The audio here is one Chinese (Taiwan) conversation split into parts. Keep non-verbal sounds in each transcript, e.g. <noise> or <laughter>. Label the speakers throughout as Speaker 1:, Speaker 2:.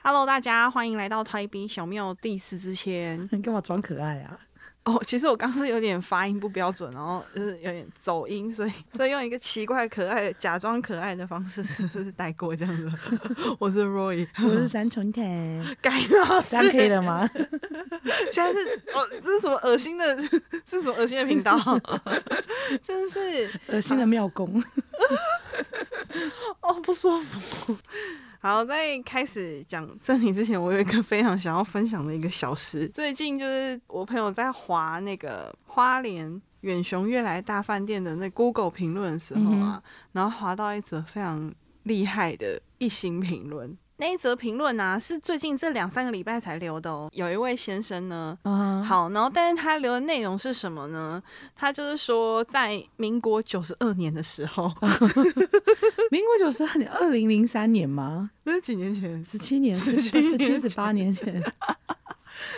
Speaker 1: Hello，大家歡迎來到台北小廟第四支籤。你幹嘛裝可愛啊？哦，其實我剛剛是有點發音不標準，然後就是有點走音，所以所以用一個奇怪可愛、假裝可愛的方式是帶 <laughs> 過這樣子。我是 Roy，我是三重壇，該、啊、死，三 K 的嗎？現在是哦，這是什麼噁心的？這是什麼噁心的頻道？真 <laughs> 的是噁心的廟公、啊、哦，不舒服。好，在開始講這裡之前，我有一個非常想要分享的一個小事。最近就是我朋友在滑那個花蓮遠雄悅來大飯店的那 Google 評論的時候啊，嗯、然後滑到一則非常厲害的一星評論。那一則評論啊，是最近這兩三個禮拜才留的哦。有一位先生呢，uh-huh. 好，然後但是他留的內容是什麼呢？他就是說，在民國九十二年的時候，
Speaker 2: <laughs> 民國九十二年，二零零三年嗎？那
Speaker 1: 是幾年前？十七年？十七？十七十
Speaker 2: 八年前？ <laughs>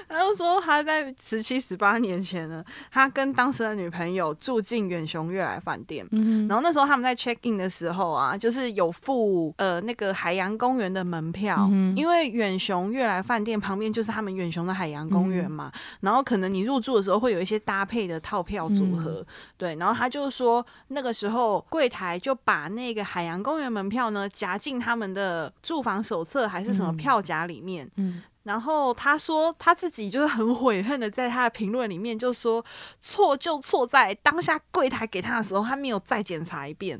Speaker 1: 他就說他在十七十八年前呢，他跟當時的女朋友住進遠雄悅來飯店，嗯，然後那時候他們在 check in 的時候啊，就是有付呃那個海洋公園的門票，嗯，因為遠雄悅來飯店旁邊就是他們遠雄的海洋公園嘛，嗯，然後可能你入住的時候會有一些搭配的套票組合，嗯，對，然後他就說那個時候櫃檯就把那個海洋公園門票呢夾進他們的住房手冊還是什麼票夾裡面，嗯。嗯然後他說他自己就是很悔恨的，在他的評論裡面就說，錯就錯在當下櫃檯給他的時候，他沒有再檢查一遍，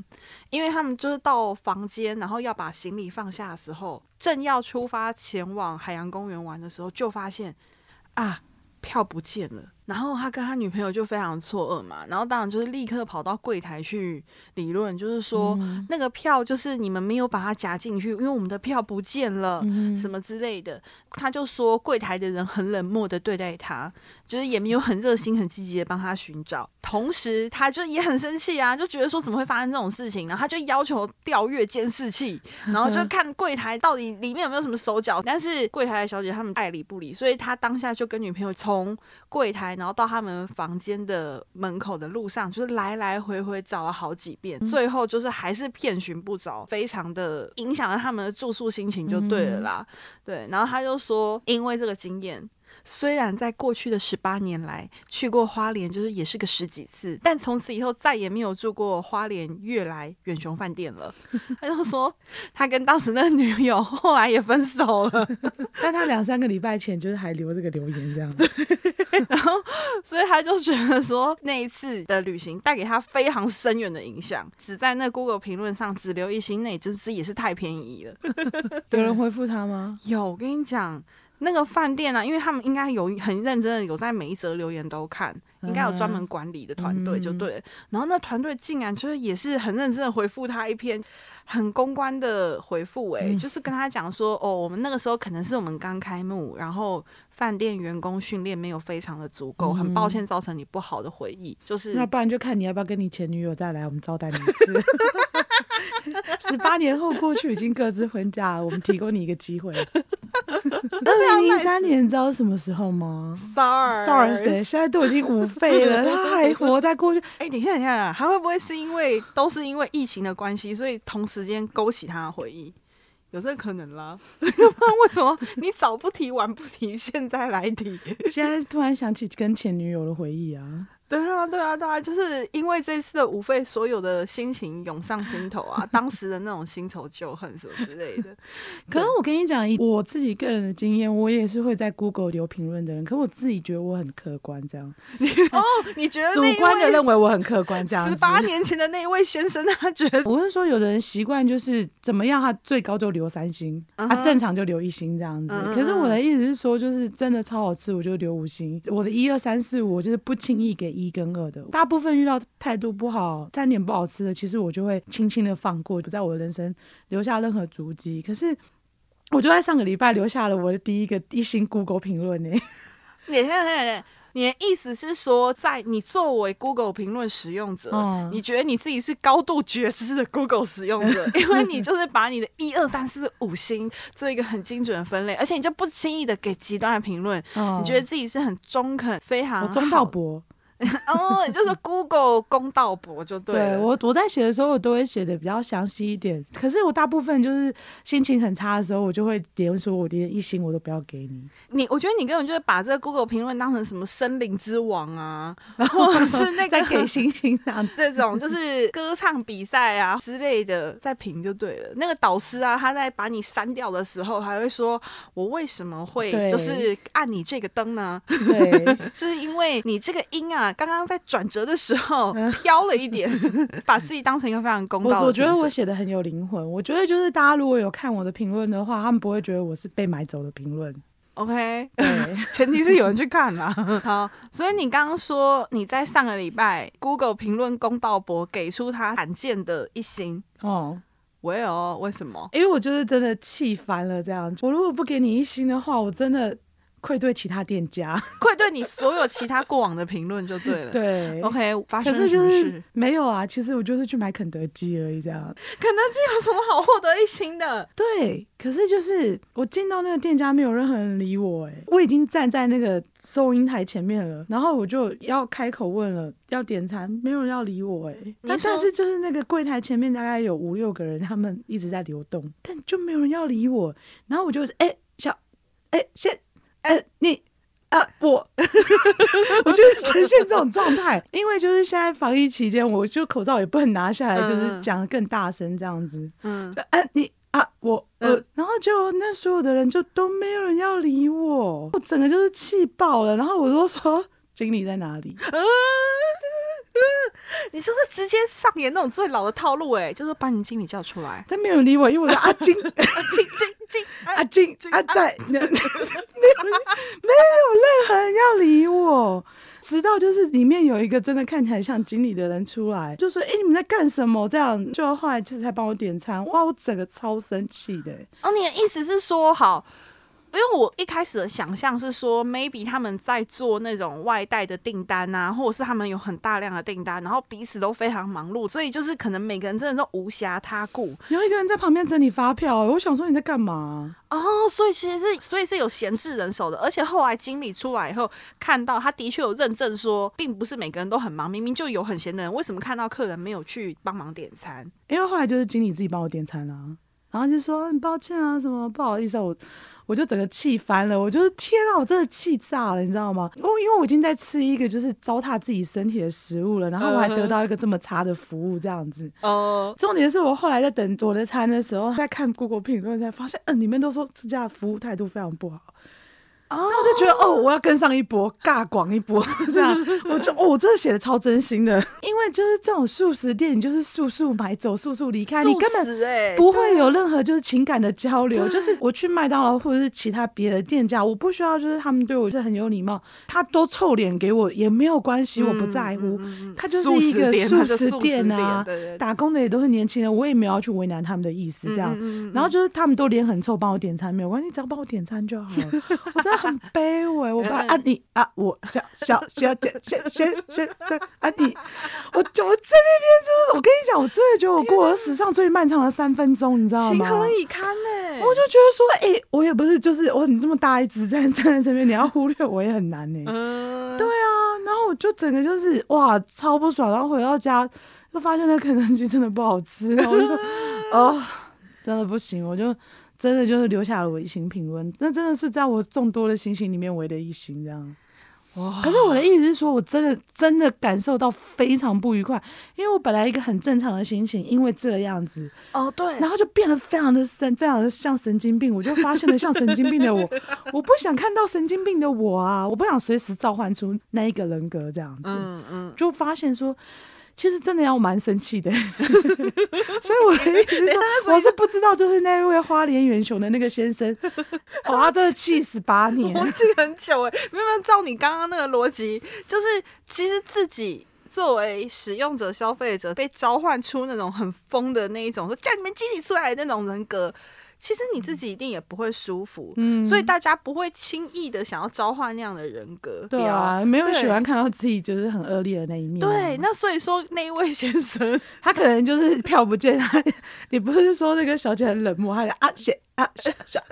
Speaker 1: 因為他們就是到房間，然後要把行李放下的時候，正要出發前往海洋公園玩的時候，就發現啊，票不見了。然後他跟他女朋友就非常錯愕嘛，然後當然就是立刻跑到櫃檯去理論，就是說、嗯、那個票就是你們沒有把它夾進去，因為我們的票不見了、嗯，什麼之類的。他就說櫃檯的人很冷漠的對待他，就是也沒有很熱心、很積極的幫他尋找。同時，他就也很生氣啊，就覺得說怎麼會發生這種事情，然後他就要求調閱監視器，然後就看櫃檯到底裡面有沒有什麼手腳。但是櫃檯的小姐他們愛理不理，所以他當下就跟女朋友從櫃檯。然後到他們房間的門口的路上，就是來來回回找了好幾遍，嗯、最後就是還是遍尋不着，非常的影響了他們的住宿心情，就對了啦、嗯。對，然後他就說，因為這個經驗。雖然在過去的十八年來去過花蓮，就是也是個十幾次，但從此以後再也沒有住過花蓮悅來遠雄飯店了。 <laughs> 他就說，他跟當時那個女友後來也分手了， <laughs> 但他兩三個禮拜前
Speaker 2: 就是還留這個留言這樣子，
Speaker 1: <laughs> 然後所以他就覺得說那一次的旅行帶給他非常深遠的影響，只在那 Google 評論上只留一星，那就是也是太便宜了。 <laughs> <laughs> 有人回復他嗎？有，我跟你講。那個飯店呢、啊？因為他們應該有很認真的有在每一則留言都看，應該有專門管理的團隊，就對、嗯。然後那團隊竟然就是也是很認真的回復他一篇很公關的回復、欸，誒、嗯，就是跟他講說，哦，我們那個時候可能是我們剛開幕，然後飯店員工訓練沒有非常的足夠，很抱歉造成你不好的回憶。就是那不
Speaker 2: 然就看你要不要跟你前女友再來，我們招待你一次。 <laughs> 十 <laughs> 八年後過去，已經各自婚嫁了。我們提供你一個機會。二零零三年，你知道是什麼時候嗎？SARS，SARS，、欸、現在
Speaker 1: 都已經五歲了，他還活在過去。哎、 <laughs> 欸，等一下，等一下，還會不會是因為都是因為疫情的關係，所以同時間勾起他的回憶？有這個可能啦。 <laughs> <laughs> 那為什麼你早不提，晚不提，現在來提？現在突然想起跟前女友的回憶啊。對啊，對啊，對啊，就是因為這次的武肺，所有的心情湧上心頭啊， <laughs> 當時的那種新仇舊恨什麼之類的。可是我跟你講，
Speaker 2: 我自己個人的經驗，我也是會在 Google 留評論的人。可是我自己覺得我很客觀，這
Speaker 1: 樣你。哦，你覺得主觀的認
Speaker 2: 為我很客觀，這樣。十八年前的那一位先生，他覺得。 <laughs> 我是說，有的人習慣就是怎麼樣，他最高就留三星，他、嗯啊、正常就留一星這樣子。嗯、可是我的意思是說，就是真的超好吃，我就留五星。我的一二三四五，我就是不輕易給。一跟二的大部分遇到態度不好，餐點不好吃的，其實我就會輕輕的放過，不在我的人生留下任何足跡。可是，我就在上個禮拜留下了我的第一個一星 Google 評論呢。
Speaker 1: 你看，你的意思是說，在你作為 Google 評論使用者，嗯，你覺得你自己是高度覺知的 Google 使用者，嗯，因為你就是把你的一二三四五星做一個很精準的分類，而且你就不輕易的給極端的評論，嗯。你覺得自己是很中肯，非常我中道博。哦、 <laughs> 嗯，就是 Google 公道伯就對了。對，我
Speaker 2: 我在寫的時候，我都會寫的比較詳細一點。可是我大部分就是心情很差的時候，我就會連說我連一星我都不要給你。
Speaker 1: 你我覺得你根本就是把這個 Google 評論當成什麼聲林之王啊，然後是那個 <laughs> 在給星星打 <laughs> 這種就是歌唱比賽啊之類的在評就對了。 <laughs> 那個導師啊，他在把你刪掉的時候，他還會說：“我為什麼會就是按你這個燈呢？”對， <laughs> 就是因為你這個音啊。剛剛在轉折的時候飄了一點，把自己當成一個非常公道。我，我覺得我
Speaker 2: 寫的很有靈魂。我覺得就是大家如果有看我的評論的話，他們不會覺得我是被買走的評論。
Speaker 1: OK，對， <laughs> 前提是有人去看嘛。 <laughs> 好，所以你剛剛說你在上個禮拜 Google 評論公道博給出他罕見的一星。哦，我也為什麼？
Speaker 2: 因為我就是真的氣煩了這樣子，我如果不給你一星的話，我真的。愧對其他店家 <laughs> ，
Speaker 1: 愧對你所有其他過往的評論就對了。對，OK，發生什麼事？可是就
Speaker 2: 是沒有啊。其實我就是去買肯德基而已，這樣。
Speaker 1: 肯德基有什麼好獲得一星的？
Speaker 2: 對，可是就是我見到那個店家沒有任何人理我、欸，哎，我已經站在那個收銀臺前面了，然後我就要開口問了，要點餐，沒有人要理我、欸，哎。但但是就是那個櫃臺前面大概有五六個人，他們一直在流動，但就沒有人要理我。然後我就哎、欸、小哎、欸、先。哎、欸，你啊，我， <laughs> <laughs> 我就是呈現這種狀態，因為就是現在防疫期間，我就口罩也不能拿下來，就是講得更大聲這樣子。嗯，哎、欸，你啊，我，我，嗯，然後就那所有的人就都沒有人要理我，我整個就是氣爆了，然後我都說經理在哪裡？
Speaker 1: 啊 <laughs> 你就是直接上演那種最老的套路哎、欸，就是把你經理叫出來，但沒有
Speaker 2: 理我，因為我是阿金，
Speaker 1: 阿、啊啊、金金
Speaker 2: 金、啊，阿金阿在，金啊啊、 <laughs> 沒有沒有任何人要理我，直到就是裡面有一個真的看起來像經理的人出來，就說哎、欸、你們在幹什麼這樣，就後來就才才幫我點餐，哇我整個超生氣的、
Speaker 1: 欸，哦，你的意思是說好。因為我一開始的想象是說，maybe 他們在做那種外帶的訂單啊，或者是他們有很大量的訂單，然後彼此都非常忙碌，所以就是可能每個人真的都無暇他顧。有一個人在旁邊整理發票、欸，我想說你在幹嘛啊、哦？所以其實是所以是有閒置人手的，而且後來經理出來以後，看到他的確有認證說，並不是每個人都很忙，明明就有很閒的人，為什麼看到客人沒有去幫忙點餐、
Speaker 2: 欸？因為後來就是經理自己幫我點餐了、啊，然後就說很抱歉啊，什麼不好意思啊。我。我就整個氣翻了，我就是天啊，我真的氣炸了，你知道嗎？因為因為我已經在吃一個就是糟蹋自己身體的食物了，然後我還得到一個這麼差的服務，這樣子。哦、uh -huh.，重點是我後來在等我的餐的時候，在看 Google 評論，才發現，嗯、呃，裡面都說這家服務態度非常不好。啊、哦！我就覺得哦，我要跟上一波尬廣一波，這樣我就、哦、我這寫得超真心的。 <laughs> 因為就是這種素食店，你就是速速買走，走速速離開、欸，你根本不會有任何就是情感的交流。就是我去麥當勞或者是其他別的店家，我不需要就是他們對我是很有禮貌，他都臭臉給我也沒有關係、嗯，我不在乎。他就是一個素食店啊，店啊打工的也都是年輕人，我也沒有要去為難他們的意思，這樣嗯嗯嗯嗯嗯。然後就是他們都臉很臭，幫我點餐沒有關係，你只要幫我點餐就好了， <laughs> 我真的。很卑微，我怕安迪啊，我小小小姐，先先先在安迪，我就我在那邊，就是我跟你講，我真的覺得我過了史上最漫長的三分鐘，你知道嗎？情何以堪呢、欸？我就覺得說，誒、欸，我也不是，就是我很這麼大一隻站站在這邊，你要忽略我也很難呢、欸嗯。對啊，然後我就整個就是哇，超不爽。然後回到家，就發現那肯德基真的不好吃，然後我就、嗯、哦，真的不行，我就。真的就是留下了我一行評論，那真的是在我眾多的星星裡面唯的一行這樣。哇！可是我的意思是說，我真的真的感受到非常不愉快，因為我本來一個很正常的心情，因為這樣子哦對，然後就變得非常的神，非常的像神經病，我就發現了像神經病的我， <laughs> 我不想看到神經病的我啊，我不想隨時召喚出那一個人格這樣子，嗯嗯，就發現說。其實真的要蠻生氣的，
Speaker 1: <laughs> <laughs>
Speaker 2: 所以我是我是不知道，就是那位花蓮元雄的那個先生，
Speaker 1: 哇，這氣十八年 <laughs> <laughs> 啊、的 <laughs> 我氣很久哎。沒有沒有，照你剛剛那個邏輯，就是其實自己作為使用者、消費者，被召喚出那種很瘋的那一種，說叫你們經理出來的那種人格。其實你自己一定也不會舒服，嗯，所以大家不會輕易的想要召喚那樣的人格。對啊對，沒有喜歡
Speaker 2: 看到自己就是很惡劣的那一面那。對，那所以說那一位先生，他可能就是票不見他。來。你不是說那個小姐很冷漠，還啊，姐。啊，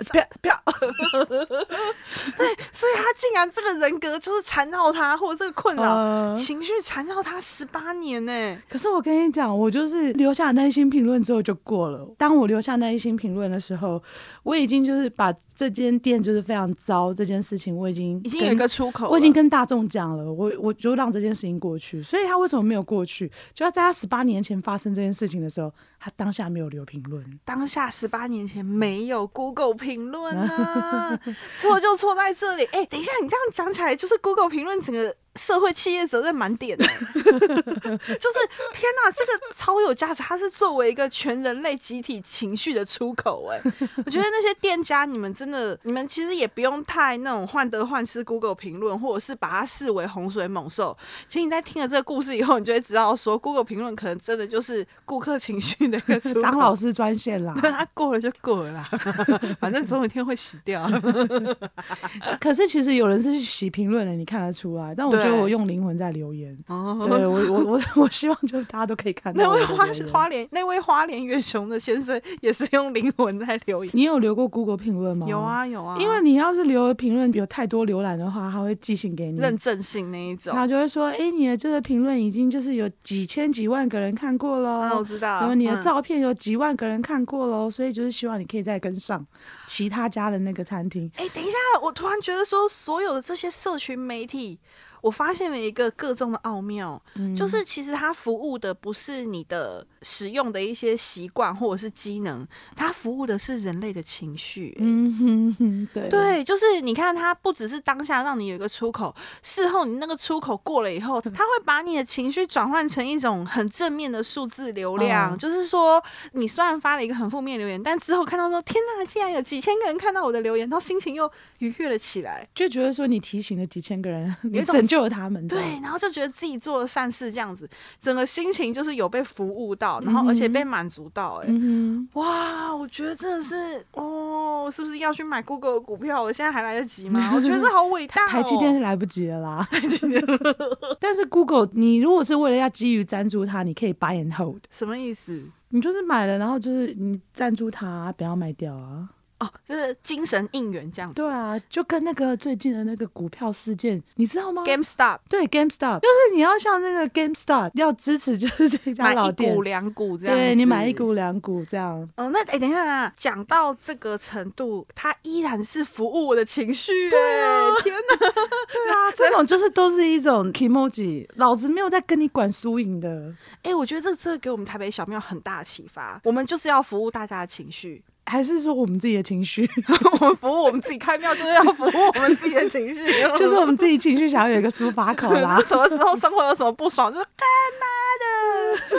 Speaker 2: 不要不要！
Speaker 1: 對， <laughs> 票 <laughs> 所以他竟然這個人格就是纏繞他，或者這個困擾、嗯、情緒纏繞他十八年呢，欸。
Speaker 2: 可是我跟你講，我就是留下耐心評論之後就過了。當我留下耐心評論的時候，我已經就是把這間店就是非常糟這件事情，我已經已經有一個出口，我已經跟大眾講了，我我就讓這件事情過去。所以他為什麼沒有過去？就在他十八年前發生這件事情的時候，他當下沒有留評論，
Speaker 1: 當下十八年前沒有。有 Google 評論啊，錯 <laughs> 就錯在這裡。哎、欸，等一下，你這樣講起來，就是 Google 評論整個。社會企業責任滿點的 <laughs> <laughs> 就是天哪、啊，這個超有價值。它是作為一個全人類集體情緒的出口。哎， <laughs> 我覺得那些店家，你們真的，你們其實也不用太那種患得患失。Google 評論，或者是把它視為洪水猛獸。其實你在聽了這個故事以後，你就會知道，說 Google 評論可能真的就是顧客情緒的一個張 <laughs> 老師
Speaker 2: 專線啦。那、
Speaker 1: 啊、過了就過了啦， <laughs> 反正總有一天會洗掉。
Speaker 2: <laughs> <laughs> 可是其實有人是去洗評論的，你看得出來。但我。就我用靈魂在留言，
Speaker 1: 對，對我我我
Speaker 2: 我希望就是大家都可以看到 <laughs> 那。那位花
Speaker 1: 花蓮那位花蓮月雄的先生也是用靈魂在留言。你
Speaker 2: 有留過 Google 評論嗎？有啊有啊，因為你要是留的評論有太多瀏覽的話，他會寄信給你，認證信那
Speaker 1: 一種，他就會說，
Speaker 2: 哎、欸，你的這個評論已經就是有幾千幾萬個人看過嘍，嗯，我知道。然後你的照片有幾萬個人看過嘍、嗯，所以就是希望你可以再跟上其他家的那個
Speaker 1: 餐廳。哎、欸，等一下，我突然覺得說，所有的這些社群媒體。我發現了一個個中的奧妙、嗯，就是其實它服務的不是你的使用的一些習慣或者是機能，它服務的是人類的情緒、欸。
Speaker 2: 嗯哼哼，對，對，
Speaker 1: 就是你看它不只是當下讓你有一個出口，事後你那個出口過了以後，它會把你的情緒轉換成一種很正面的數字流量。嗯、就是說，你雖然發了一個很負面留言，但之後看到說天哪，竟然有幾千個人看到我的留言，然後心情又愉悅了起來，
Speaker 2: 就覺得說你提醒了幾千個人， <laughs> 你整救了他們，對，
Speaker 1: 然後就覺得自己做了善事，這樣子，整個心情就是有被服務到，然後而且被滿足到、欸，哎、嗯，哇，我覺得真的是，哦，是不是要去買 Google 的股票？我現在還來得及嗎？我覺得這好偉大、哦、 <laughs> 台積電是
Speaker 2: 來不及了啦，台積電。但是 Google，你如果是為了要基於贊助它，你可以 buy and hold，什麼意思？你就是買了，然後就是你贊助它、啊，不要賣掉啊。
Speaker 1: 哦，就是精神應援這樣子。
Speaker 2: 對啊，就跟那個最近的那個股票事件，你知道嗎？GameStop。對，GameStop，就是你要像那個 GameStop 要支持，就是這家老店。買一股兩
Speaker 1: 股，股，股這樣。對，你買一
Speaker 2: 股兩股這樣。
Speaker 1: 哦，那哎、欸，等一下啊，講到這個程度，他依然是服務我的情緒。對、啊，天哪。 <laughs> 對啊，這種就是都是一種 kimoji。老子沒有在跟你管輸贏的。哎、欸，我覺得這這給我們台北小廟很大的啟發，我們就是要服務大家的情緒。還是說我們自己的情緒？ <laughs> 我們服務，
Speaker 2: 我們自己開廟，就是要服務我們自己的情緒。 <laughs> 就是我們自己情緒想要有一個抒發口啦。 <laughs> 什麼
Speaker 1: 時候生活有什麼不爽，就是 <laughs> 幹媽媽的！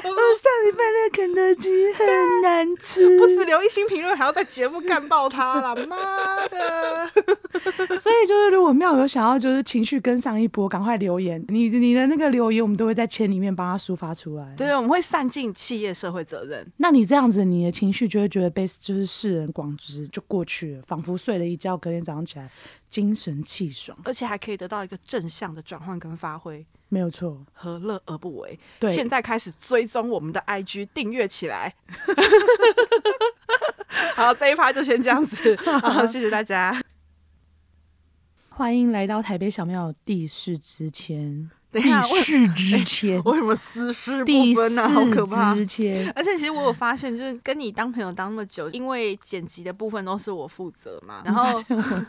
Speaker 1: <laughs> 我上禮拜六肯德基很難吃， <laughs> 不止留一星評論，還要在節目幹爆他啦。媽的
Speaker 2: <laughs> 所以就是如果廟友想要就是情緒跟上一波，趕快留言，你你的那個留言我們都會在籤裡面幫他抒發出來。
Speaker 1: 對，我們會善盡企業社會責任 <laughs> 。
Speaker 2: 那你這樣子，你的情緒就會覺得。就是世人廣知，就過去了，仿佛睡了一覺，隔天早上起來精神氣爽，
Speaker 1: 而且還可以得到一個正向的轉換跟發揮，沒有錯，何樂而不為？對，現在開始追蹤我們的 IG，訂閱起來。 <laughs> <laughs> <laughs> 好，這一趴就先這樣子， <laughs> 好，謝謝大家，
Speaker 2: 歡迎來到台北小廟第四支籤。第四之
Speaker 1: 前，為什、欸、麼私事不分啊？好可怕！而且其實我有發現，就是跟你當朋友當那麼久， <laughs> 因為剪輯的部分都是我負責嘛。然後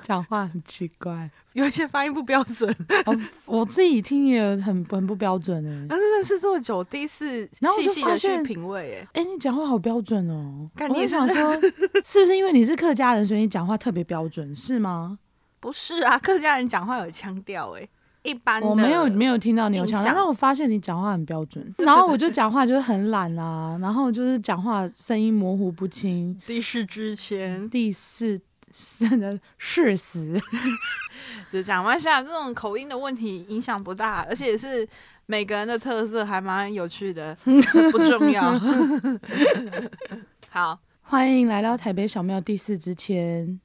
Speaker 2: 講話很奇怪， <laughs>
Speaker 1: 有一些發音不標準。 <laughs> 我，我自
Speaker 2: 己聽也很很不標準但、
Speaker 1: 欸啊、是認識這麼久，第一次細細的去品味、欸，哎，
Speaker 2: 哎、欸，你講話好標準哦、喔。我想說， <laughs> 是不是因為你是客家人，所以你講話特別標準，是嗎？
Speaker 1: <laughs> 不是啊，客家人講話有腔調、欸，哎。一般我沒有沒
Speaker 2: 有聽到你有腔，然後我發現你講話很標準。 <laughs> 然後我就講話就是很懶啦、啊，然後就是講話聲音模糊不清。第四
Speaker 1: 支籤，第四真的事實 <laughs> 就講一下這種口音的問題影響不大，而且是每個人的特色，還蠻有趣的， <laughs> <laughs> 不重要。 <laughs> 好，
Speaker 2: 歡迎來到台北小廟第四支籤。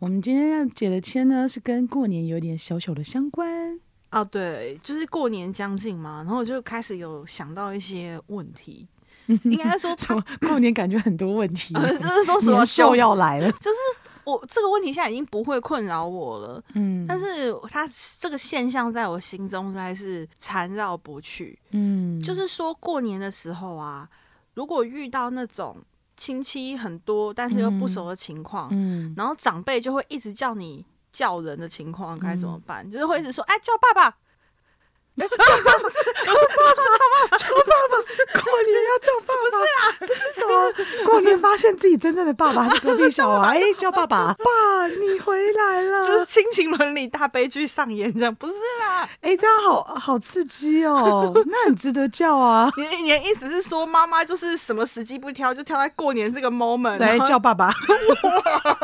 Speaker 2: 我們今天要解的籤呢，是跟過年有一點小小的相關。
Speaker 1: 啊，對，就是過年將近嘛，然後我就開始有想到一些問題，
Speaker 2: 應該說、嗯，過年感覺很多問題， <coughs> 就是說什麼就要來了。
Speaker 1: 就是我這個問題現在已經不會困擾我了，嗯，但是他這個現象在我心中還是纏繞不去，嗯，就是說過年的時候啊，如果遇到那種親戚很多但是又不熟的情況、嗯嗯，然後長輩就會一直叫你。叫人的情況該怎麼辦、嗯？就是會一直說：“哎、欸，叫爸爸， <laughs> 叫爸爸，叫爸爸，叫爸爸，爸爸，叫爸爸。”過年要叫爸爸
Speaker 2: 是、啊、是過年發現自己真正的爸爸還是隔壁小孩、啊欸，叫爸爸，爸，你回來了，這是親情倫理大悲劇上演，這樣不是啦？哎、欸，這樣
Speaker 1: 好好刺激哦，那很值得叫啊！你你的意思是說，媽媽就是什麼時機不挑，就挑在過年這個 moment 來叫爸爸？哇！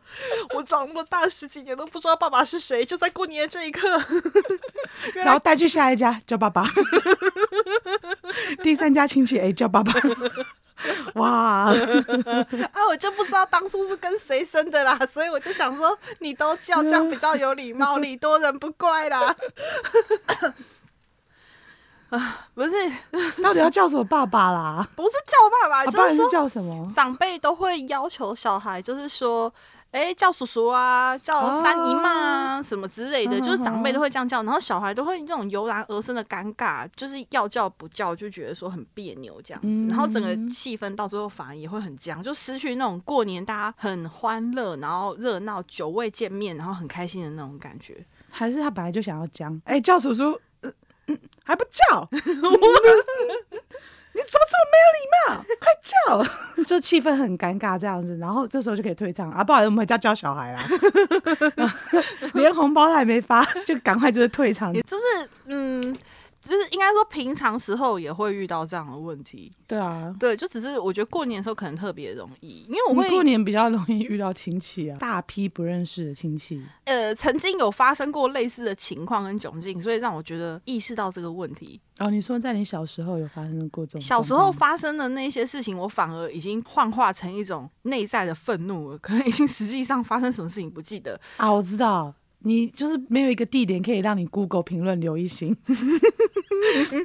Speaker 1: <laughs> 我長那麼大十幾年都不知道爸爸是誰，就在過年的這一刻， <laughs> 然
Speaker 2: 後帶去下一家叫爸爸，第三家親戚誒，叫爸爸，
Speaker 1: <laughs> A, 爸爸 <laughs> 哇， <laughs> 啊我就不知道當初是跟誰生的啦，所以我就想說你都叫這樣比較有禮貌，禮 <laughs> 多人不怪啦。 <laughs> 啊不是，到底要叫
Speaker 2: 什麼爸爸啦？
Speaker 1: 不是叫爸爸，啊、就是、說就是叫什麼長輩都會要求小孩，就是說。欸、叫叔叔啊，叫三姨媽啊，oh. 什麼之類的，oh. 就是長輩都會這樣叫，然後小孩都會那種油然而生的尷尬，就是要叫不叫就覺得說很別扭這樣子，mm. 然後整個氣氛到最後反而也會很僵，就失去那種過年大家很歡樂，然後熱鬧久未見面，然後很開心的那種感覺。還是他本來就想要僵？哎、欸，叫叔叔，嗯嗯、還不叫？ <laughs> <laughs> 你怎麼這麼沒有禮貌？
Speaker 2: 快叫！ <laughs> 就氣氛很尷尬這樣子，然後這時候就可以退場啊！不好意思，我們回家教小
Speaker 1: 孩啦，
Speaker 2: <laughs> <laughs> 連紅包他還沒發，就趕快就是退場。也就
Speaker 1: 是嗯。就是應該說，平常時候也會遇到這樣的問題。對啊，對，就只是我覺得過年的時候可能特別容易，因為我們
Speaker 2: 過年比較容易遇到親戚啊，大批不認識的親戚。
Speaker 1: 呃，曾經有發生過類似的情況跟窘境，所以讓我覺得意識到這個問題。
Speaker 2: 哦，你說在你小時候有發生過這種？小時候
Speaker 1: 發生的那些事情，我反而已經幻化成一種內在的憤怒了，可能已經實際上發生什麼事情不記得
Speaker 2: 啊。我知道你就是沒有一個地點可以讓你 Google 評論留一星。 <laughs>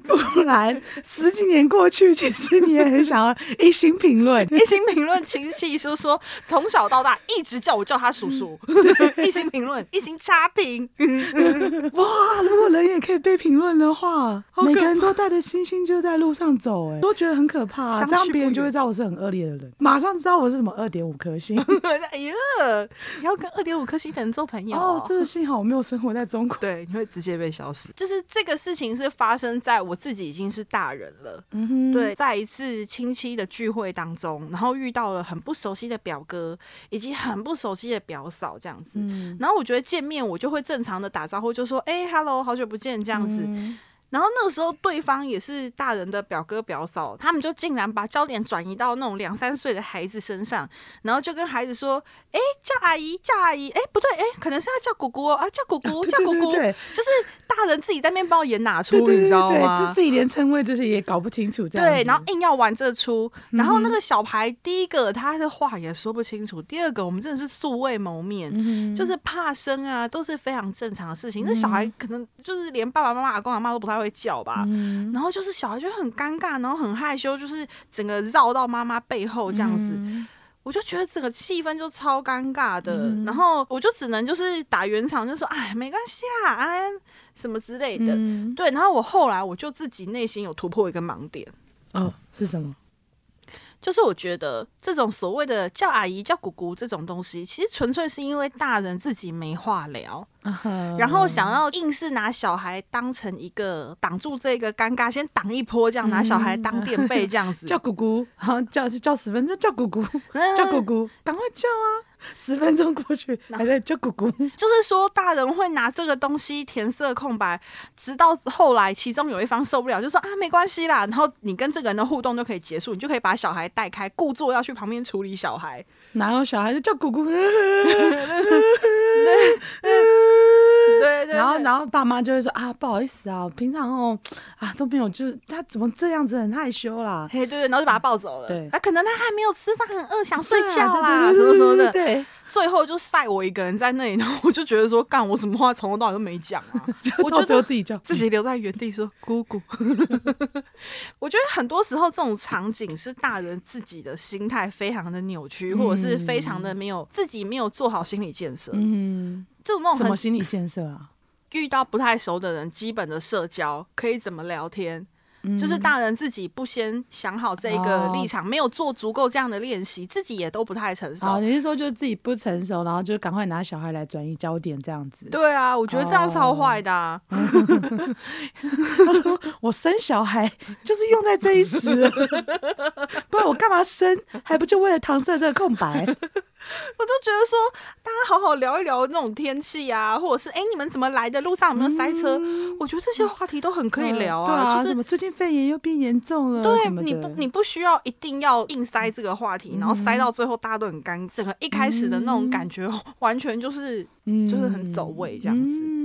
Speaker 1: <laughs> 不然十幾年過去，其實你也很想要一星評論， <laughs> 一星評論親戚，就說從小到大一直叫我叫他叔叔， <laughs> 一星評論，一星差評。 <laughs> <laughs> 哇！如果人也可以
Speaker 2: 被評論的話， <laughs> 每個人都帶着星星就在路上走，欸，哎，都覺得很可怕啊。這樣別人就會知道我是很惡劣的人，馬上知道我是什麼二點五顆星。 <laughs> 哎呀，你
Speaker 1: 要跟二點五顆星的人做朋友哦！真的，
Speaker 2: 幸好我沒有生活在中國，對，你會直接被消失。
Speaker 1: 就是這個事情是發生在我自己已經是大人了，嗯、對，在一次親戚的聚會當中，然後遇到了很不熟悉的表哥，以及很不熟悉的表嫂這樣子、嗯，然後我覺得見面我就會正常的打招呼，就說：“哎、欸、，hello，好久不見。”這樣子。嗯然後那個時候，對方也是大人的表哥表嫂，他們就竟然把焦點轉移到那種兩三歲的孩子身上，然後就跟孩子說：“哎，叫阿姨，叫阿姨，哎，不對，哎，可能是要叫姑姑啊，叫姑姑，叫姑姑。啊對對對對。”就是大人自己在那邊演哪齣， <laughs> 你知道嗎對對對對對？就自己連稱謂就是也搞不清楚這樣，對，然後硬要玩這齣，然後那個小孩第一個他的話也說不清楚，嗯、第二個我們真的是素未謀面、嗯，就是怕生啊，都是非常正常的事情。嗯、那小孩可能就是連爸爸媽媽、阿公阿嬤都不太會。叫吧、嗯，然後就是小孩就很尷尬，然後很害羞，就是整個繞到媽媽背後這樣子、嗯，我就覺得整個氣氛就超尷尬的。嗯、然後我就只能就是打圓場，就說：“哎，沒關係啦，安、啊、什麼之類的。”嗯、對。然後我後來我就自己內心有突破一個盲點，哦，
Speaker 2: 嗯、是什麼？
Speaker 1: 就是我覺得這種所謂的叫阿姨、叫姑姑這種東西，其實純粹是因為大人自己沒話聊。然後想要硬是拿小孩當成一個擋住這個尷尬，先擋一波，這樣拿小孩當墊背這樣子、嗯。叫姑姑，然、啊、後叫叫十分鐘，叫姑姑、嗯，叫姑姑，趕快叫啊！十分鐘過去，還在、哎、叫姑姑。就是說，大人會拿這個東西填色空白，直到後來其中有一方受不了，就說啊，沒關係啦。然後你跟這個人的互動就可以結束，你就可以把小孩帶開，故作要去旁邊處理小孩。
Speaker 2: 然、啊、後小孩就叫姑姑。 <laughs> 嗯嗯嗯對對，對，然後然後爸媽就會說啊，不好意思啊，平常哦啊都沒有，就是他怎麼這樣子很害羞啦？嘿，對對，對，然後就把他抱
Speaker 1: 走了。對、啊，可能他還沒有吃飯，很餓，想睡覺的啦，什麼什麼的。對，對，最後就曬我一個人在那裡，然後我就覺得說，幹我什麼話，從頭到尾都沒講啊，我就只有自己叫，自己留在原地說姑姑。 <laughs> <laughs> 我覺得很多時候這種場景是大人自己的心態非常的扭曲，或者是非常的沒有自己沒有做好心理建設。嗯，
Speaker 2: 嗯。這種,種什麼心理建設啊？
Speaker 1: 遇到不太熟的人，基本的社交可以怎麼聊天、嗯？就是大人自己不先想好這一個立場、啊，沒有做足夠這樣的練習，自己也都不太成熟、
Speaker 2: 啊。你是說就是自己不成熟，然後就趕快拿小孩來轉移焦點這樣子？
Speaker 1: 對啊，我覺得這樣超壞的、啊。
Speaker 2: 他、哦、說 <laughs> <laughs> <laughs> <laughs> 我生小孩就是用在這一時， <laughs> 不然我幹嘛生？還不就為了搪塞這個空白？ <laughs>
Speaker 1: 我就覺得說，大家好好聊一聊那種天氣啊，或者是哎、欸，你們怎麼來的路上有沒有塞車，嗯？我覺得這些話題都很可以聊啊。對對啊，就是什麼最近肺炎又變嚴重了，對，你不，你不需要一定要硬塞這個話題，然後塞到最後大家都很尷尬，個一開始的那種感覺完全就是、嗯，就是很走位這樣子。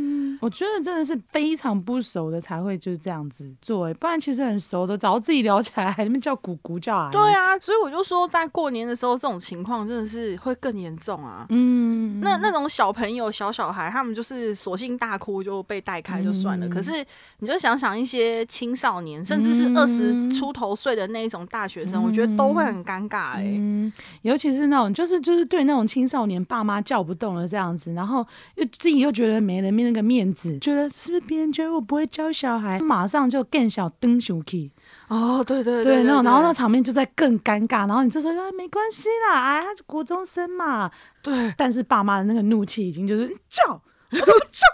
Speaker 1: 我覺得真的是非常不
Speaker 2: 熟的才會就是這樣子做、欸，哎，不然其實很熟的，早自己聊起來，還那邊叫咕咕叫啊。對
Speaker 1: 啊，所以我就說，在過年的時候這種情況真的是會。會更嚴重啊！嗯，那那種小朋友、小小孩，他們就是索性大哭就被帶開就算了、嗯。可是你就想想一些青少年，甚至是二十出頭歲的那一種大學生、嗯，我覺得都會很尷尬哎、欸。尤其是那種，就是就是對那種青少年爸媽叫不
Speaker 2: 動了這樣子，然後又自己又覺得沒人面那個面子，覺得是不是別人覺得我不會教小孩，馬上就更小登鼠去。哦，對，對對對，那種對對對，然後那場面就在更尷尬，然後你就說：‘哎，說沒關係啦，哎，他是國中生嘛，對，但是爸媽的那個怒氣已經就是叫，怎麼叫？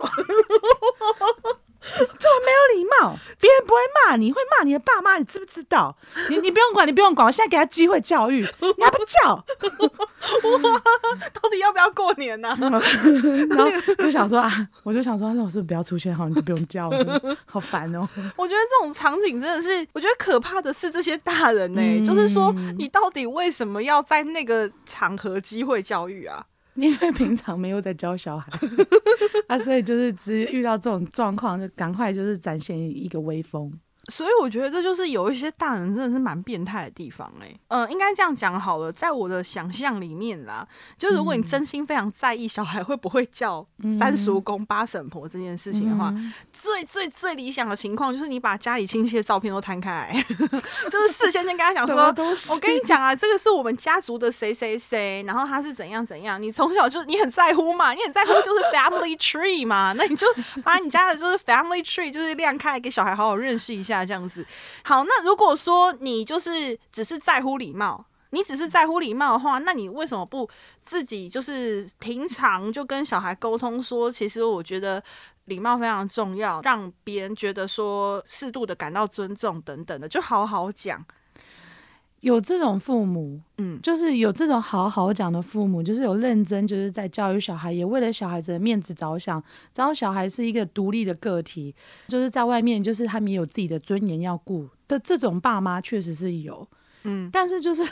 Speaker 2: <laughs> 就很沒有禮貌，別人不會罵你，會罵你的爸媽，你知不知道？你你不用管，你不用管，我現在給他機會教育，你還不叫？
Speaker 1: <laughs> 哇到底要不要過年呢？啊？ <laughs> 然後就想說啊，
Speaker 2: 我就想說，那我是不是不要出現好，你就不用叫了，
Speaker 1: 好煩哦、喔。我覺得這種場景真的是，我覺得可怕的是這些大人呢、欸嗯，就是說，你到底為什麼要在那個場合機會教育啊？因為平
Speaker 2: 常沒有在教小孩 <laughs> <laughs> 啊，所以就是直接遇到這種狀況，就趕快就是
Speaker 1: 展現一個威風。所以我覺得這就是有一些大人真的是蠻變態的地方哎、欸，嗯、呃，應該這樣講好了，在我的想象裡面啦，就是如果你真心非常在意小孩會不會叫三叔公、八嬸婆這件事情的話，嗯、最最最理想的情況就是你把家裡親戚的照片都攤開來， <laughs> 就是事先先跟他講說，我跟你講啊，這個是我們家族的誰誰誰，然後他是怎樣怎樣，你從小就你很在乎嘛，你很在乎就是 family tree 嘛， <laughs> 那你就把你家的就是 family tree 就是晾開，給小孩好好認識一下。啊，這樣子，好，那如果說你就是只是在乎禮貌，你只是在乎禮貌的話，那你為什麼不自己就是平常就跟小孩溝通說，其實我覺得禮貌非常重要，讓別人覺得說適度的感到尊重等等的，就好好講。
Speaker 2: 有這種父母，嗯，就是有這種好好講的父母，就是有認真，就是在教育小孩，也為了小孩子的面子着想，只要小孩是一個獨立的個體，就是在外面，就是他們也有自己的尊嚴要顧的。這種爸媽確實是有，嗯，但是就是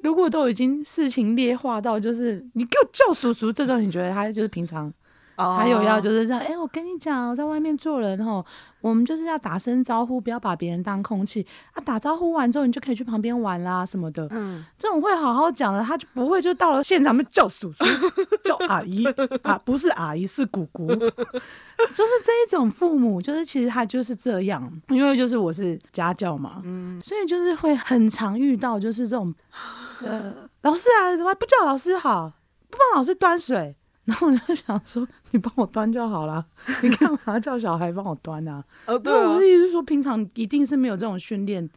Speaker 2: 如果都已經事情劣化到，就是你給我叫叔叔，這種你覺得他就是平常。Oh, 還有要就是這樣，哎、欸，我跟你講，在外面做人哦，我們就是要打聲招呼，不要把別人當空氣啊。打招呼完之後，你就可以去旁邊玩啦什麼的。嗯，這種會好好講的，他就不會就到了現場他們叫叔叔 <laughs> 叫阿姨啊，不是阿姨是姑姑， <laughs> 就是這一種父母，就是其實他就是這樣，因為就是我是家教嘛，嗯，所以就是會很常遇到就是這種、嗯、老師啊，怎麼不叫老師好，不幫老師端水。那我就想說，你幫我端就好了， <laughs> 你幹嘛叫小孩幫我端呢、啊？哦，對哦，我的意思是說，平常一定是沒有這種訓練。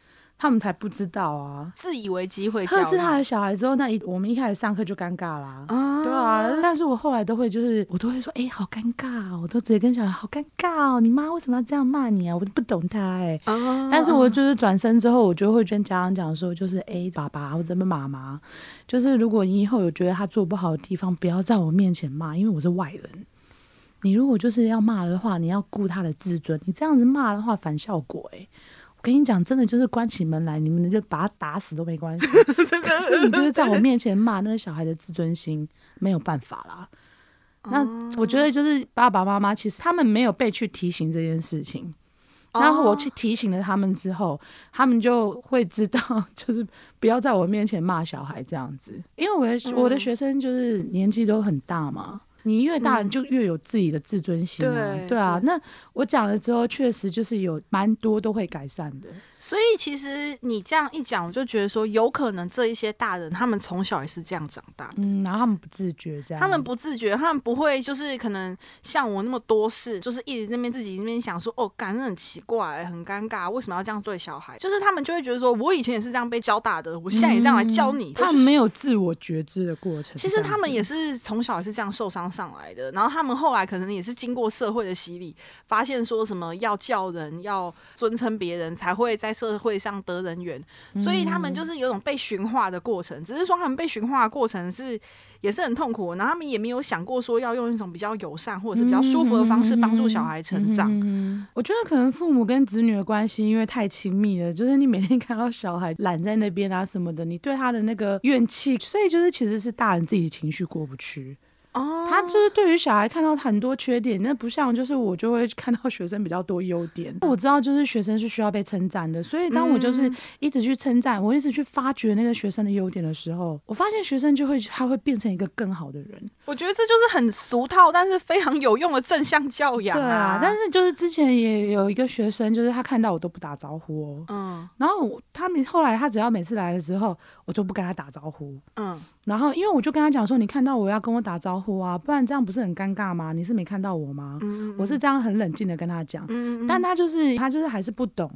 Speaker 2: 他們才不知道啊，
Speaker 1: 自以為機會教育他的
Speaker 2: 小孩之後，那一我們一開始上課就尷尬啦、啊啊。對啊，但是我後來都會，就是我都會說，哎、欸，好尷尬，我都直接跟小孩，好尷尬，你媽為什麼要這樣罵你啊？我就不懂他哎、欸啊。但是我就是轉身之後，我就會跟家長講說，就是哎、欸，爸爸或者媽媽，就是如果你以後有覺得他做不好的地方，不要在我面前罵，因為我是外人。你如果就是要罵的話，你要顧他的自尊，嗯、你這樣子罵的話，反效果哎、欸。我跟你講，真的就是關起門來，你們就把他打死都沒關係。 <laughs> 可是你就是在我面前罵，那個小孩的自尊心，沒有辦法啦。那我覺得就是爸爸媽媽，其實他們沒有被去提醒這件事情。然後我去提醒了他們之後，oh. 他們就會知道，就是不要在我面前罵小孩這樣子。因為我的我的學生就是年紀都很大嘛。你越大人就越有自己的自尊心，啊嗯、對對，對啊。那我講了之後，確實就是有蠻多都會改善的。
Speaker 1: 所以其實你這樣一講，我就覺得說，有可能這一些大人他們從小也是這樣長大，嗯，
Speaker 2: 然後他們不自覺這樣，他們不
Speaker 1: 自覺，他們不會就是可能像我那麼多事，就是一直那邊自己那邊想說，哦，感覺很奇怪，很尷尬，為什麼要這樣對小孩？就是他們就會覺得說，我以前也是這樣被教大的，我現在也這樣來教你。嗯，就是、他們
Speaker 2: 沒有自我覺知的過程，其實他
Speaker 1: 們也是從小也是這樣受傷上來的，然後他們後來可能也是經過社會的洗禮，發現說什麼要叫人要尊稱別人，才會在社會上得人緣，所以他們就是有種被馴化的過程。只是說他們被馴化的過程是也是很痛苦，然後他們也沒有想過說要用一種比較友善或者是比較舒服的方式幫助小孩成長。我覺得可能
Speaker 2: 父母跟子女的關係因為太親密了，就是你每天看到小孩懶在那邊啊什麼的，你對他的那個怨氣，所以就是其實是大人自己的情緒過不去。哦，他就是對於小孩看到很多缺點，那不像就是我就會看到學生比較多優點。嗯、我知道就是學生是需要被稱讚的，所以當我就是一直去稱讚、嗯，我一直去發掘那個學生的優點的時候，我發現學生就會他會變成一個更好的人。
Speaker 1: 我覺得這就是很俗套，但是非常有用的正向教養啊。對啊，但是就
Speaker 2: 是之前也有一個學生，就是他看到我都不打招呼哦，嗯，然後他們後來他只要每次來的時候，我就不跟他打招呼，嗯。然後，因為我就跟他講說，你看到我要跟我打招呼啊，不然這樣不是很尷尬嗎？你是沒看到我嗎？嗯嗯、我是這樣很冷靜的跟他講，嗯嗯、但他就是他就是還是不懂。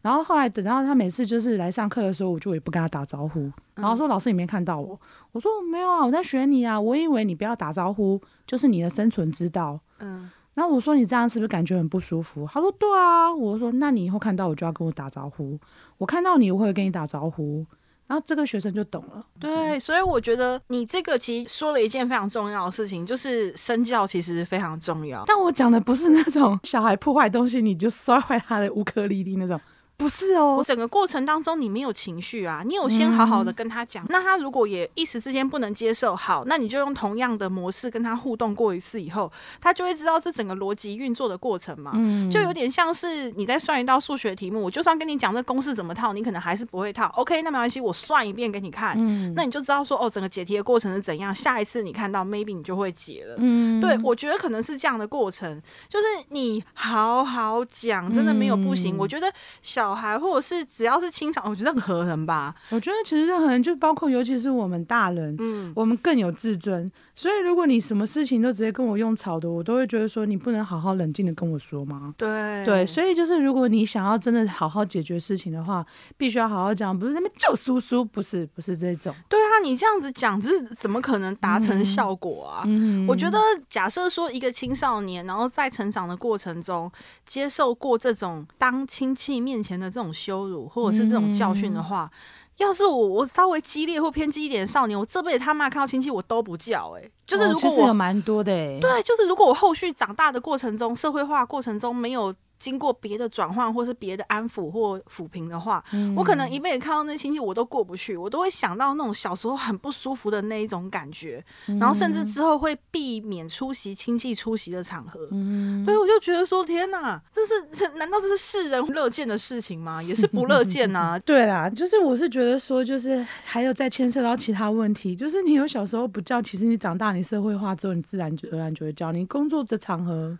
Speaker 2: 然後後來等到他每次就是來上課的時候，我就也不跟他打招呼、嗯，然後說老師你沒看到我，我說我沒有啊，我在學你啊，我以為你不要打招呼就是你的生存之道。嗯，然後我說你這樣是不是感覺很不舒服？他說對啊，我說那你以後看到我就要跟我打招呼，我看到你我會跟你打招呼。然後這個學生就懂了。
Speaker 1: 對，所以我覺得你這個其實說了一件非常重要的事情，就是身教其實非常重要。但
Speaker 2: 我講的不是那種小孩破壞東西，你就摔壞他的烏克麗麗那種。
Speaker 1: 不是哦，我整個過程當中你沒有情緒啊，你有先好好的跟他講、嗯,那他如果也一時之間不能接受，好，那你就用同樣的模式跟他互動過一次以後，他就會知道這整個邏輯運作的過程嘛、嗯，就有點像是你在算一道數學題目，我就算跟你講這公式怎麼套，你可能還是不會套，OK，那沒關係，我算一遍給你看，嗯、那你就知道說哦，整個解題的過程是怎樣，下一次你看到 maybe 你就會解了。嗯，對，我覺得可能是這樣的過程，就是你好好講，真的沒有不行，嗯、我覺得小。小孩，或者是只要是清場，我覺得任何人吧，我覺得其實任
Speaker 2: 何人，就包括尤其是我們大人，嗯，我們更有自尊。所以，如果你什麼事情都直接跟我用吵的，我都會覺得說你不能好好冷靜的跟我說嗎？
Speaker 1: 對對，
Speaker 2: 所以就是如果你想要真的好好解決事情的話，必須要好好講，不是那邊叫叔叔，不是不是這種。
Speaker 1: 對啊，你這樣子講，這是怎麼可能達成效果啊？嗯，我覺得，假設說一個青少年，然後在成長的過程中接受過這種當親戚面前的這種羞辱，或者是這種教訓的話。嗯要是我，我稍微激烈或偏激一點的少年，我這輩子他媽看到親戚我都不叫誒、欸，就是如果我、哦，確實有蠻
Speaker 2: 多的誒、欸、對，
Speaker 1: 就是如果我後續長大的過程中，社會化過程中沒有。經過別的轉換，或是別的安撫或撫平的話、嗯，我可能一輩子看到那親戚我都過不去，我都會想到那種小時候很不舒服的那一種感覺，嗯、然後甚至之後會避免出席親戚出席的場合。所、嗯、以我就覺得說，天哪，這是難道這是世人樂見的事情嗎？也是不樂見
Speaker 2: 啊。 <laughs> 對啦，就是我是覺得說，就是還有再牽涉到其他問題，就是你有小時候不叫，其實你長大你社會化之後，你自然就自、自然就會叫。你工作這場合，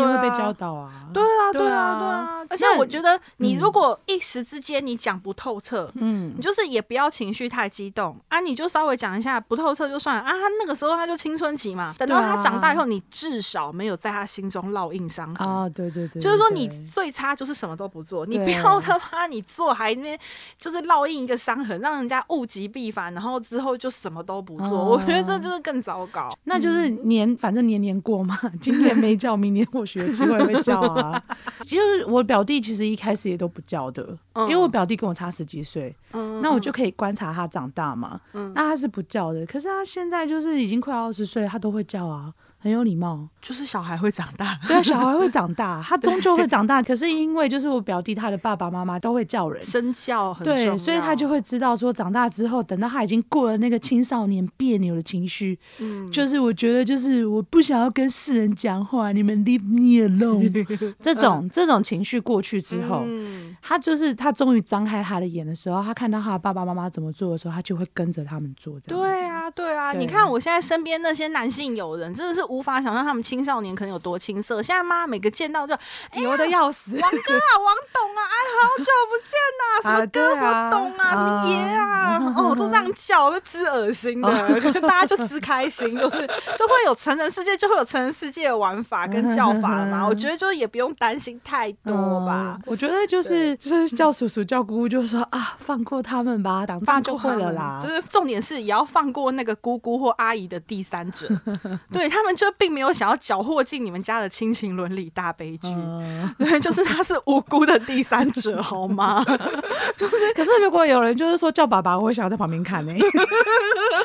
Speaker 2: 你會被教導啊！對啊，對啊，對啊！啊、而且我覺得，你如果
Speaker 1: 一時之間你講不透徹，嗯，你就是也不要情緒太激動啊，你就稍微講一下不透徹就算了啊。他那個時候他就青春期嘛，等到他長大以後，你至少沒有在他心中烙印傷痕啊。對對對，就是說你最差就是什麼都不做，你不要他媽你做還那邊就是烙印一個傷痕，讓人家物極必反，然後之後就什麼都不做，我覺得這就是更糟糕、嗯。那就是
Speaker 2: 年，反正年年過嘛，今年沒叫明年我。 <laughs> 學機會會叫啊， <laughs> 就是我表弟其實一開始也都不叫的，因為我表弟跟我差十幾歲，那我就可以觀察他長大嘛。那他是不叫的，可是他現在就是已經快二十歲，他都會叫啊。很有禮貌，就是小孩會長大，對，小孩會長大，他終究會長大。可是因為就是我表弟，他的爸爸媽媽都會叫人，身教很重要，對，所以他就會知道說，長大之後，等到他已經過了那個青少年別扭的情緒、嗯，就是我覺得就是我不想要跟世人講話，你們 leave me alone、嗯、這種這種情緒過去之後，嗯、他就是他終於張開他的眼的時候，他看到他的爸爸媽媽怎麼做的時候，他就會跟着他們做。這
Speaker 1: 樣，對啊，對啊，對，你看我現在身邊那些男性友人，真的是。無法想象他們青少年可能有多青澀。現在嘛，每個見到就牛的要死、哎，王哥啊，王董啊，哎，好久不見吶，什麼哥、什麼董啊、什麼爺啊,啊,麼啊,啊、嗯嗯嗯，哦，都這樣叫我就吃噁心的，啊、 <laughs> 大家就吃開心，就是就會有成人世界，就會有成人世界的玩法跟叫法嘛、嗯。我覺得就是也不用擔心太多
Speaker 2: 吧。我覺得就是就是叫叔叔叫姑姑，就說、嗯、啊，放過他們吧，當然就會了啦。就是
Speaker 1: 重點是也要放過那個姑姑或阿姨的第三者，嗯、對他們就。並沒有想要攪和進你們家的親情倫理大悲劇，嗯，對，就是他是無辜的第三者，好嗎？ <laughs> 就是，可是如果有人就是說叫爸爸，我會想要在旁邊看呢、欸，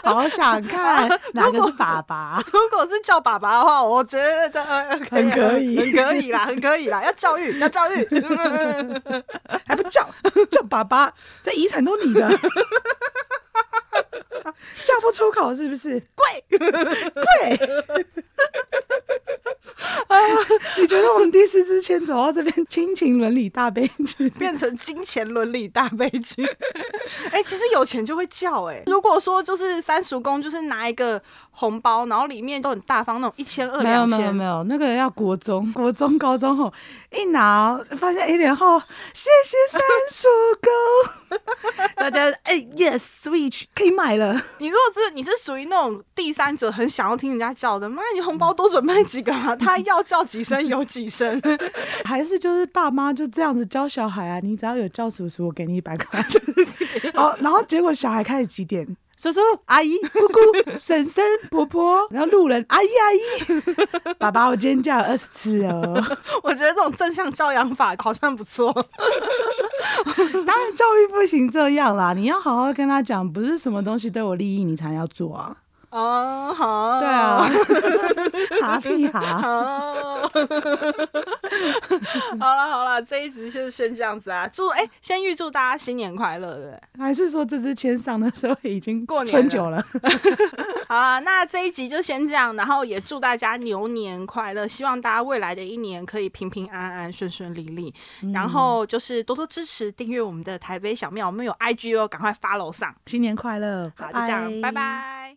Speaker 1: <laughs> 好想看哪個是爸爸。如果， <laughs> 如果是叫爸爸的話，我覺得可、啊、很可以，很可以啦，很可以啦，要教育，要教育，
Speaker 2: <laughs> 還不叫叫爸爸，這遺產都你的。 <laughs> 叫、啊、不出口是不是？貴貴！ <laughs> 哎呀，你覺得我們第四支籤走到這邊，親情倫
Speaker 1: 理大悲劇變成金錢倫理大悲劇？哎、欸，其實有錢就會叫哎、欸。如果說就是三叔公就是拿一個紅包，然後裡面都很大方那種一千二兩千，沒有沒有，沒
Speaker 2: 有，那個人要國中國中高中後一拿發現哎，
Speaker 1: 然後，謝謝三叔公， <laughs> 大家哎、欸、yes switch 可以買了。你如果是你是屬於那種第三者，很想要聽人家叫的，媽，你紅包多準備幾個嘛，他要叫幾聲有幾聲， <laughs> 還是就是爸媽就
Speaker 2: 這樣子教小孩啊，你只要有叫叔叔，我給你一百塊，
Speaker 1: 然 <laughs>
Speaker 2: 後、哦、然後結果小孩開始幾點？叔叔、
Speaker 1: 阿姨、姑姑、嬸
Speaker 2: 嬸、婆婆， <laughs> 然後路人 <laughs> 阿姨、阿姨， <laughs> 爸爸，我今天叫了二十次哦。 <laughs> 我覺
Speaker 1: 得這種正向教養法好像不錯。
Speaker 2: <laughs> <laughs> 當然教育不行這樣啦，你要好好跟他講，不是什麼東西對我利益你才要做啊。哦，
Speaker 1: 好，對啊， <laughs> 哈屁哈。 <laughs> <laughs> 好了好了，這一集就是先這樣子啊！祝哎、欸，先預祝大家新年快樂的，還是說這支籤上的
Speaker 2: 時候已經過年很久了？
Speaker 1: <laughs> 好了，那這一集就先這樣，然後也祝大家牛年快樂，希望大家未來的一年可以平平安安、順順利利、嗯，然後就是多多支持訂閱我們的台北小廟，我們有 IG 哦，趕快 follow 上，新
Speaker 2: 年快樂！好、bye，就這樣，拜
Speaker 1: 拜。